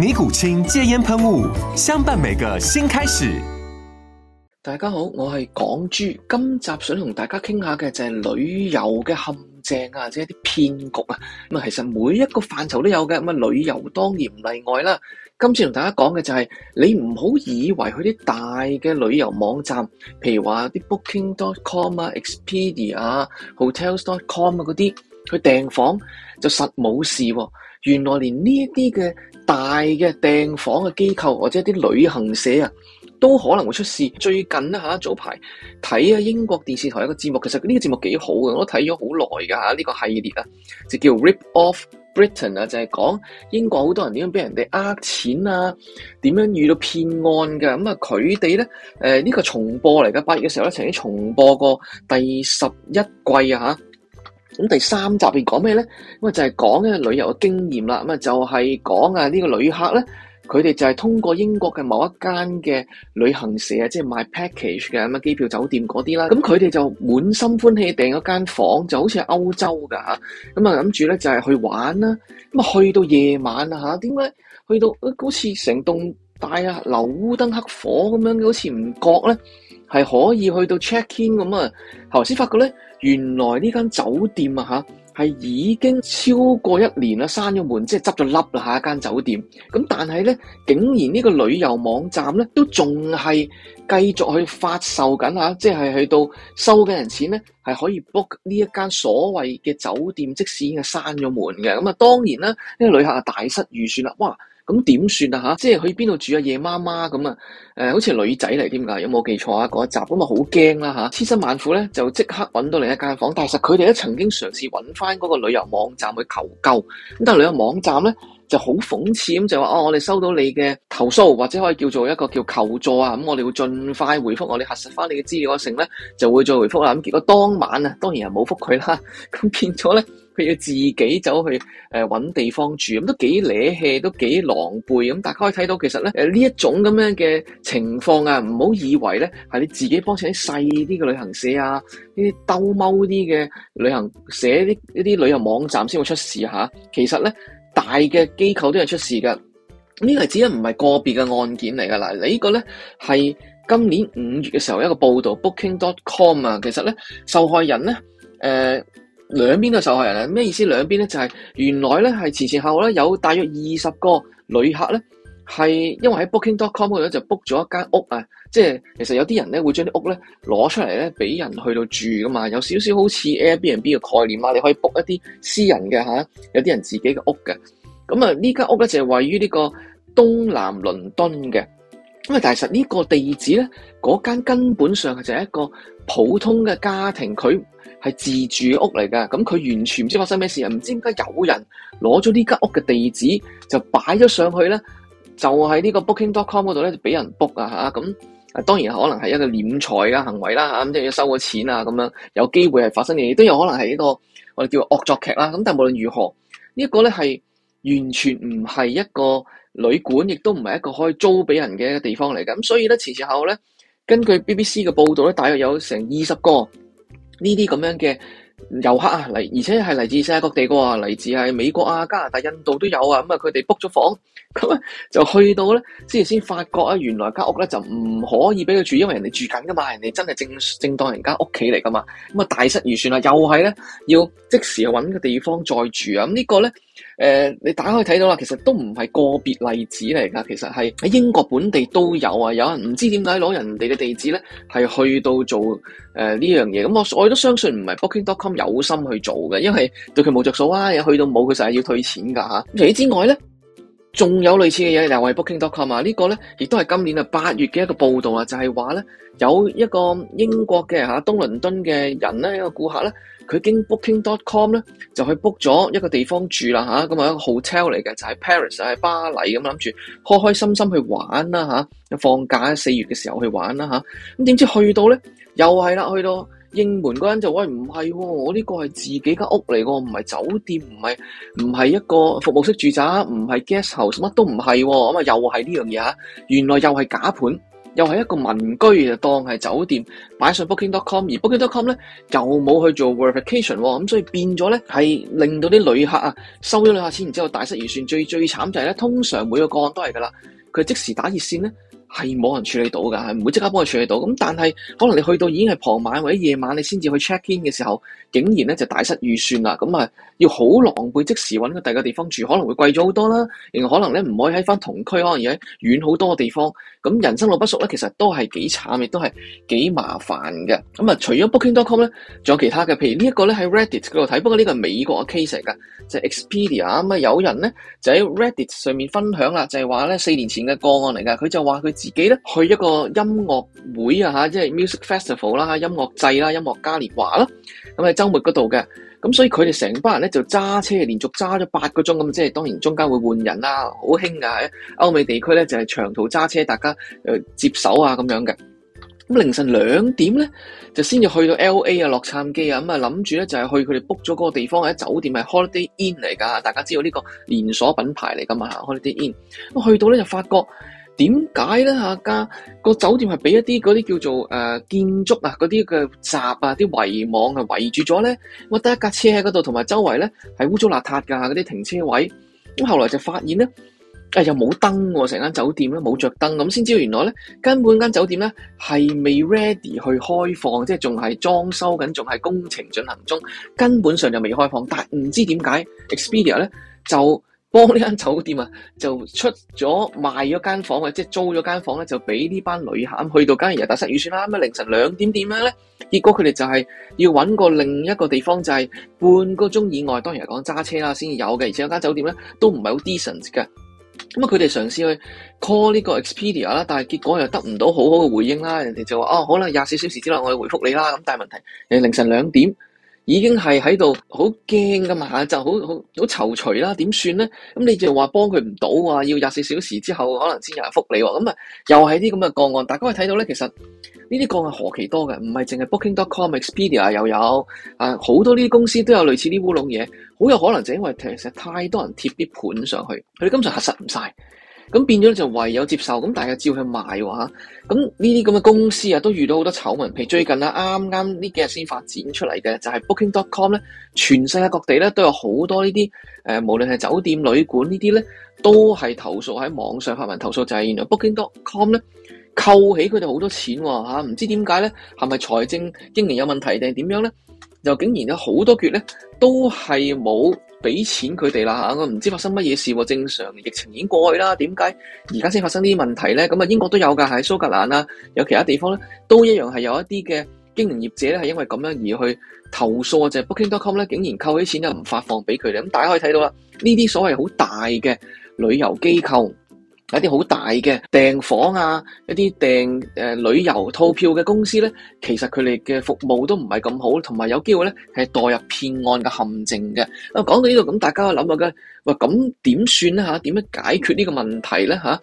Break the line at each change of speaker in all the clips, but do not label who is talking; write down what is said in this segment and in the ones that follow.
尼古清戒煙噴霧，相伴每個新開始。大家好，我係港豬。今集想同大家傾下嘅就係旅遊嘅陷阱啊，或者一啲騙局啊。咁啊，其實每一個範疇都有嘅。咁啊，旅遊當然唔例外啦。今次同大家講嘅就係、是、你唔好以為去啲大嘅旅遊網站，譬如話啲 Booking dot com 啊、Expedia 啊、Hotels dot com 啊嗰啲去訂房就實冇事，哦。原來連呢一啲嘅。大嘅訂房嘅機構或者一啲旅行社啊，都可能會出事。最近咧嚇早排睇啊英國電視台一個節目，其實呢個節目幾好嘅，我都睇咗好耐㗎嚇。呢個系列啊，就叫《Rip Off Britain》啊，就係講英國好多人點樣俾人哋呃錢啊，點樣遇到騙案嘅。咁啊，佢哋咧誒呢個重播嚟㗎。八月嘅時候咧曾經重播過第十一季啊。咁第三集面講咩咧？咁啊就係講呢個旅遊嘅經驗啦。咁啊就係講啊呢個旅客咧，佢哋就係通過英國嘅某一間嘅旅行社啊，即係賣 package 嘅咁啊機票酒店嗰啲啦。咁佢哋就滿心歡喜訂咗間房，就好似係歐洲噶吓。咁啊諗住咧就係去玩啦。咁啊去到夜晚啊吓，點解去到，呃、好似成棟大廈，流烏燈黑火咁樣，好似唔覺咧？係可以去到 check in 咁啊，頭先發覺咧，原來呢間酒店啊吓，係已經超過一年啦，閂咗門，即係執咗笠啦吓，一間酒店。咁但係咧，竟然呢個旅遊網站咧都仲係繼續去發售緊啊。即係去到收嘅人錢咧，係可以 book 呢一間所謂嘅酒店，即使已經係閂咗門嘅。咁啊，當然啦，啲、呢個、旅客啊大失預算啦，哇！咁點算啊吓？即係去邊度住啊？夜媽媽咁啊、呃，好似女仔嚟添㗎，有冇記錯啊？嗰一集咁啊，好驚啦吓！千辛萬苦咧，就即刻揾到另一間房。但係其實佢哋都曾經嘗試揾翻嗰個旅遊網站去求救。咁但係旅遊網站咧就好諷刺咁，就話哦，我哋收到你嘅投訴，或者可以叫做一個叫求助啊。咁，嗯，我哋會盡快回覆我哋，核實翻你嘅資料嘅性咧，就會再回覆啦。咁結果當晚啊，當然係冇覆佢啦。咁變咗咧。要自己走去誒揾，呃、地方住，咁都幾惹氣，都幾狼狽。咁大家可以睇到，其實咧誒呢一種咁樣嘅情況啊，唔好以為咧係你自己幫襯啲細啲嘅旅行社啊，呢啲兜踎啲嘅旅行社啲呢啲旅遊網站先會出事嚇、啊。其實咧大嘅機構都有出事㗎。呢個例子咧唔係個別嘅案件嚟㗎。嗱，你，這個、呢個咧係今年五月嘅時候一個報導，Booking.com 啊， Booking 其實咧受害人咧誒。呃兩邊都受害人啊？咩意思呢？兩邊咧就係、是、原來咧係前前後後咧有大約二十個旅客咧，係因為喺 Booking.com 度咧就 book 咗一間屋啊，即係其實有啲人咧會將啲屋咧攞出嚟咧俾人去到住噶嘛，有少少好似 Airbnb 嘅概念啊，你可以 book 一啲私人嘅、啊、有啲人自己嘅屋嘅。咁、嗯、啊，這間屋呢間屋咧就係、是、位於呢個東南倫敦嘅。咁啊！但其實呢個地址咧，嗰間根本上係就係一個普通嘅家庭，佢係自住屋嚟噶。咁佢完全唔知發生咩事啊！唔知點解有人攞咗呢間屋嘅地址就擺咗上去咧，就喺呢個 Booking.com 嗰度咧就俾人 book 啊！吓咁，當然可能係一個斂財嘅行為啦，咁即要收個錢啊，咁、就是啊、樣有機會係發生嘅，亦都有可能係一個我哋叫惡作劇啦。咁、啊、但係無論如何，這個、呢個咧係完全唔係一個。旅館亦都唔係一個可以租俾人嘅地方嚟嘅，咁所以咧前前後咧，根據 BBC 嘅報道咧，大約有成二十個呢啲咁樣嘅遊客啊嚟，而且係嚟自世界各地嘅，嚟自係美國啊、加拿大、印度都有啊，咁啊佢哋 book 咗房，咁啊就去到咧先先發覺啊，原來間屋咧就唔可以俾佢住，因為人哋住緊噶嘛，人哋真係正正當人家屋企嚟噶嘛，咁啊大失預算啦，又係咧要即時去搵個地方再住啊，咁呢個咧。誒、呃，你打開睇到啦，其實都唔係個別例子嚟㗎，其實係喺英國本地都有啊，有人唔知點解攞人哋嘅地址咧，係去到做誒呢、呃、樣嘢，咁我我亦都相信唔係 Booking.com 有心去做嘅，因為對佢冇着數啊，去到冇佢成日要退錢㗎咁、啊、除此之外咧。仲有類似嘅嘢，又係 Booking.com 啊，呢個咧亦都係今年啊八月嘅一個報道啊，就係話咧有一個英國嘅嚇東倫敦嘅人咧，一個顧客咧，佢經 Booking.com 咧就去 book 咗一個地方住啦吓，咁啊一個 hotel 嚟嘅，就喺 Paris，就喺巴黎，咁諗住開開心心去玩啦嚇，放假四月嘅時候去玩啦吓，咁點知去到咧又係啦，去到。應門嗰人就話，喂，唔係喎，我呢個係自己間屋嚟喎，唔係酒店，唔係唔係一個服務式住宅，唔係 guest house，乜都唔係喎。咁、嗯、啊又係呢樣嘢原來又係假盤，又係一個民居就當係酒店，擺上 Booking.com，而 Booking.com 咧又冇去做 verification，咁、哦、所以變咗咧係令到啲旅客啊收咗旅客錢，然之後大失預算。最最慘就係咧，通常每個個案都係㗎啦，佢即時打熱線咧。係冇人處理到噶，唔會即刻幫佢處理到的。咁但係可能你去到已經係傍晚或者夜晚，你先至去 check in 嘅時候，竟然咧就大失預算啦。咁啊，要好狼狽，即時揾個第二個地方住，可能會貴咗好多啦。然後可能咧唔可以喺翻同區，可能而喺遠好多嘅地方。咁人生路不熟咧，其實都係幾慘，亦都係幾麻煩嘅。咁啊，除咗 Booking.com 咧，仲有其他嘅，譬如這呢一個咧喺 Reddit 嗰度睇，不過呢個係美國嘅 case 嚟嘅，就 Expedia、係、咁、嗯、啊，有人咧就喺 Reddit 上面分享啦，就係話咧四年前嘅個案嚟噶，佢就話佢。自己咧去一個音樂會啊嚇，即係 Music Festival 啦、啊、音樂祭啦、啊、音樂嘉年華啦。咁、啊、喺、啊、周末嗰度嘅，咁所以佢哋成班人咧就揸車連續揸咗八個鐘咁，即係當然中間會換人啦，好興㗎喺歐美地區咧就係、是、長途揸車，大家誒、啊、接手啊咁樣嘅。咁凌晨兩點咧就先至去到 LA 啊，洛杉磯啊，咁啊諗住咧就係、是、去佢哋 book 咗嗰個地方喺、啊、酒店，係 Holiday Inn 嚟㗎，大家知道呢個連鎖品牌嚟㗎嘛、啊、Holiday Inn。咁去到咧就發覺。點解咧嚇？啊、家、嗰個酒店係俾一啲嗰啲叫做、呃、建築啊，嗰啲嘅閘啊，啲圍網啊圍住咗咧。我得一架車喺嗰度，同埋周圍咧係污糟邋遢㗎。嗰啲停車位咁、啊，後來就發現咧，誒、哎、又冇燈喎、啊，成間酒店咧冇着燈、啊，咁先知道原來咧根本間酒店咧係未 ready 去開放，即係仲係裝修緊，仲係工程進行中，根本上就未開放。但唔知點解 Expedia 咧就，幫呢間酒店啊，就出咗賣咗間房啊，即係租咗間房咧，就俾呢班旅客去到間日大失預算啦。咁啊凌晨兩點點咧，結果佢哋就係要搵個另一個地方，就係、是、半個鐘以外。當然係講揸車啦，先有嘅。而且有間酒店咧都唔係好 decent 嘅。咁啊，佢哋嘗試去 call 呢個 Expedia 啦，但係結果又得唔到好好嘅回應啦。人哋就話啊、哦，好啦，廿四小時之內我哋回覆你啦。咁但係問題，誒凌晨兩點。已經係喺度好驚噶嘛，很很很么你就好好好躊躇啦，點算咧？咁你就話幫佢唔到啊？要廿四小時之後可能先有人覆你喎。咁啊，又係啲咁嘅個案。大家可以睇到咧，其實呢啲個案何其多嘅，唔係淨係 Booking.com、Expedia 又有啊，好、呃、多呢啲公司都有類似啲烏龍嘢。好有可能就因為其實太多人貼啲盤上去，佢哋根本就核實唔晒。咁變咗就唯有接受，咁大家照要去賣喎。咁呢啲咁嘅公司啊，都遇到好多醜聞。譬如最近啊，啱啱呢幾日先發展出嚟嘅，就係 Booking.com 咧，全世界各地咧都有好多呢啲，誒、呃、無論係酒店、旅館呢啲咧，都係投訴喺網上發文投訴，就係原來 Booking.com 咧扣起佢哋好多錢喎、啊、唔知點解咧，係咪財政經營有問題定係點樣咧？又竟然有好多結咧，都係冇。俾錢佢哋啦嚇，我唔知發生乜嘢事喎。正常疫情已經過去啦，點解而家先發生呢啲問題咧？咁啊，英國都有㗎，喺蘇格蘭啦，有其他地方咧，都一樣係有一啲嘅經營業者咧，係因為咁樣而去投訴啊，就係 Booking.com 咧， Booking 竟然扣起錢又唔發放俾佢哋。咁大家可以睇到啦，呢啲所謂好大嘅旅遊機構。有一啲好大嘅訂房啊，一啲訂旅遊套票嘅公司咧，其實佢哋嘅服務都唔係咁好，同埋有機會咧係墮入騙案嘅陷阱嘅、嗯。啊，講到呢度咁，大家諗下嘅，話咁點算咧嚇？點樣解決呢個問題咧嚇？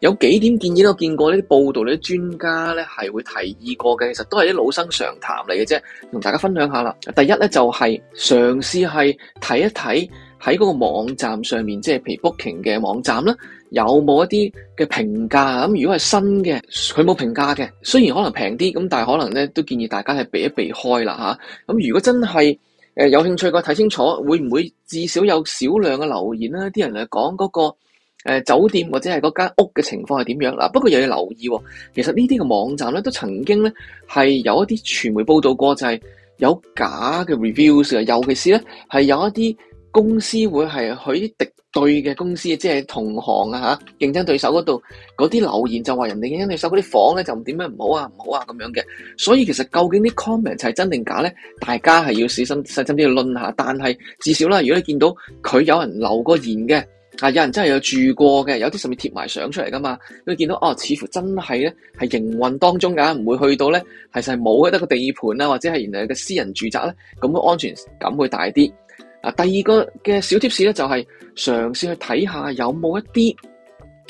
有幾點建議都見過呢啲報道，呢啲專家咧係會提議過嘅，其實都係啲老生常談嚟嘅啫，同大家分享下啦。第一咧就係嘗試係睇一睇。喺嗰個網站上面，即係譬如 Booking 嘅網站啦，有冇一啲嘅評價？咁如果係新嘅，佢冇評價嘅，雖然可能平啲，咁但係可能咧都建議大家係避一避開啦吓，咁如果真係誒有興趣嘅睇清楚，會唔會至少有少量嘅留言啦。啲人嚟講嗰個酒店或者係嗰間屋嘅情況係點樣嗱？不過又要留意喎，其實呢啲嘅網站咧都曾經咧係有一啲傳媒報道過，就係有假嘅 reviews，尤其是咧係有一啲公司會係佢嘅敵對嘅公司，即係同行啊嚇，競爭對手嗰度嗰啲留言就話人哋競爭對手嗰啲房咧就點樣唔好啊，唔好啊，咁樣嘅。所以其實究竟啲 comment 就係真定假咧？大家係要小心細心啲去論下。但係至少啦，如果你見到佢有人留過言嘅啊，有人真係有住過嘅，有啲上面貼埋相出嚟噶嘛，你見到哦，似乎真係咧係營運當中㗎，唔會去到咧其實係冇嘅得個地盤啊，或者係原來嘅私人住宅咧，咁嘅安全感會大啲。啊，第二個嘅小 tips 咧，就係、是、嘗試去睇下有冇一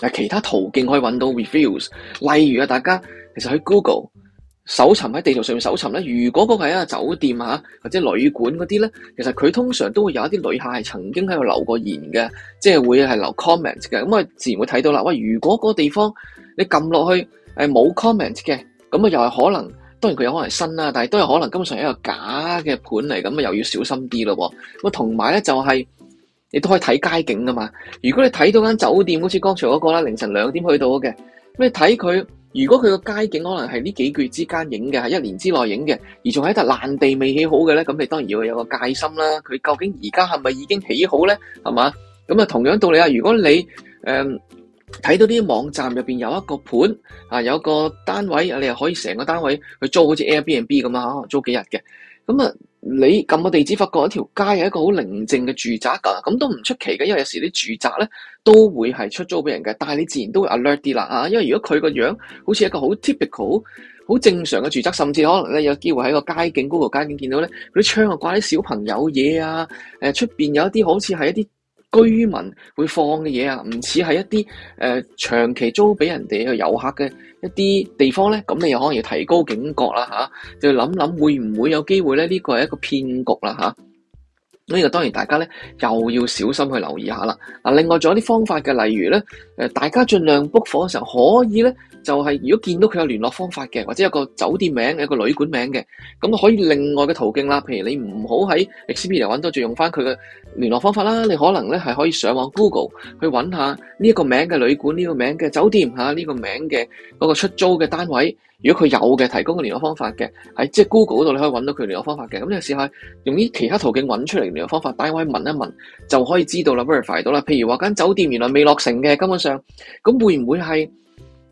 啲其他途徑可以揾到 reviews，例如啊，大家其實喺 Google 搜尋喺地圖上面搜尋咧，如果嗰個係啊一個酒店嚇、啊、或者旅館嗰啲咧，其實佢通常都會有一啲旅客係曾經喺度留過言嘅，即係會係留 comment 嘅，咁、嗯、啊自然會睇到啦。喂，如果個地方你撳落去冇 comment 嘅，咁、嗯、啊又係可能。當然佢有可能係新啦，但係都有可能根本上係一個假嘅盤嚟，咁啊又要小心啲咯。咁同埋咧就係、是，你都可以睇街景噶嘛。如果你睇到間酒店好似剛才嗰、那個啦，凌晨兩點去到嘅，咁你睇佢，如果佢個街景可能係呢幾個月之間影嘅，係一年之內影嘅，而仲喺一笪爛地未起好嘅咧，咁你當然要有個戒心啦。佢究竟而家係咪已經起好咧？係嘛，咁啊同樣道理啊，如果你誒。嗯睇到啲網站入面有一個盤啊，有個單位，你又可以成個單位去租，好似 Airbnb 咁啊，租幾日嘅。咁啊，你撳個地址，發覺一條街係一個好寧靜嘅住宅㗎，咁都唔出奇嘅，因為有時啲住宅咧都會係出租俾人嘅。但係你自然都會 alert 啲啦啊，因為如果佢個樣好似一個好 typical、好正常嘅住宅，甚至可能咧有機會喺個街景、Google 街景見到咧，佢啲窗啊掛啲小朋友嘢啊，誒出面有一啲好似係一啲。居民會放嘅嘢啊，唔似係一啲誒、呃、長期租俾人哋嘅遊客嘅一啲地方咧，咁你又可能要提高警覺啦吓、啊，就要諗諗會唔會有機會咧？呢、這個係一個騙局啦吓，呢、啊、個當然大家咧又要小心去留意下啦。嗱，另外仲有啲方法嘅，例如咧，誒，大家盡量 book 房嘅時候可以咧。就係、是、如果見到佢有聯絡方法嘅，或者有個酒店名有個旅館名嘅，咁可以另外嘅途徑啦。譬如你唔好喺 Expedia 揾到，就用翻佢嘅聯絡方法啦。你可能咧係可以上網 Google 去搵下呢一個名嘅旅館，呢、呢個名嘅酒店嚇，呢、啊呢個名嘅嗰個出租嘅單位，如果佢有嘅提供嘅聯絡方法嘅，喺即係 Google 嗰度你可以搵到佢聯絡方法嘅。咁你試下用啲其他途徑搵出嚟聯絡方法，大家可以問一問就可以知道啦。verify 到啦。譬如話間酒店原來未落成嘅，根本上咁會唔會係？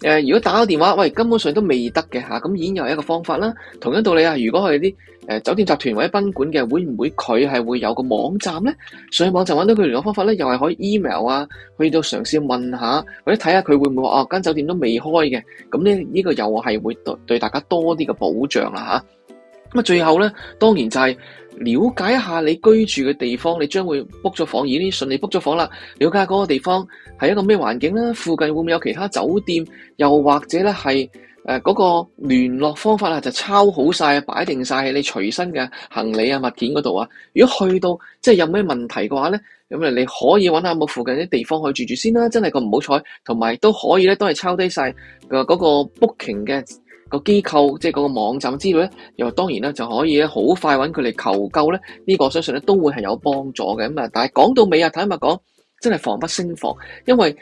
誒、呃，如果打個電話，喂，根本上都未得嘅吓，咁已經又係一個方法啦。同一道理啊，如果係啲誒酒店集團或者賓館嘅，會唔會佢係會有個網站咧？上去網站就搵到佢聯絡方法咧，又係可以 email 啊，去到嘗試問下或者睇下佢會唔會話哦間酒店都未開嘅，咁呢，呢個又係會對對大家多啲嘅保障啦，吓，咁啊，啊，最後咧當然就係、是。了解一下你居住嘅地方，你將會 book 咗房，而呢順利 book 咗房啦。了解嗰個地方係一個咩環境啦，附近會唔會有其他酒店，又或者咧係誒嗰個聯絡方法啦，就抄好晒，擺定晒喺你隨身嘅行李啊物件嗰度啊。如果去到即係有咩問題嘅話咧，咁啊你可以揾下冇附近啲地方去住住先啦。真係個唔好彩，同埋都可以咧都係抄低晒嘅嗰個 booking 嘅，個機構即係嗰個網站之類咧，又當然啦，就可以咧好快揾佢嚟求救咧，呢個相信咧都會係有幫助嘅。咁啊，但係講到尾啊，睇下咪講真係防不勝防，因為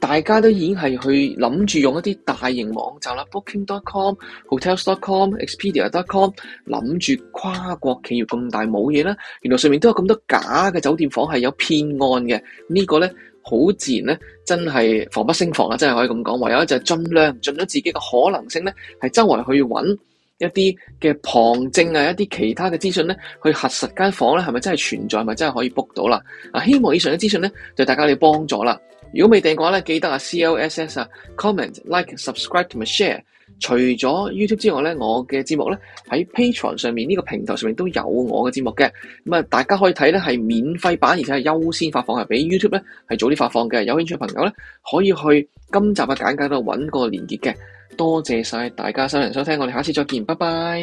大家都已經係去諗住用一啲大型網站啦，Booking.com、Hotels.com、Expedia.com，諗住跨國企業咁大冇嘢啦，原來上面都有咁多假嘅酒店房係有騙案嘅，呢個咧。好自然咧，真係防不勝防啦，真係可以咁講。唯有就盡量盡咗自己嘅可能性咧，係周圍去揾一啲嘅旁證啊，一啲其他嘅資訊咧，去核實間房咧係咪真係存在，咪真係可以 book 到啦？啊，希望以上嘅資訊咧對大家有幫助啦。如果未訂嘅話咧，記得啊，C L S S 啊，comment like subscribe and share。除咗 YouTube 之外咧，我嘅節目咧喺 Patreon 上面呢個平台上面都有我嘅節目嘅，咁啊大家可以睇咧係免費版，而且係優先發放，係俾 YouTube 咧係早啲發放嘅。有興趣嘅朋友咧可以去今集嘅簡介度搵個連結嘅。多謝晒大家收人收聽，我哋下次再見，拜拜。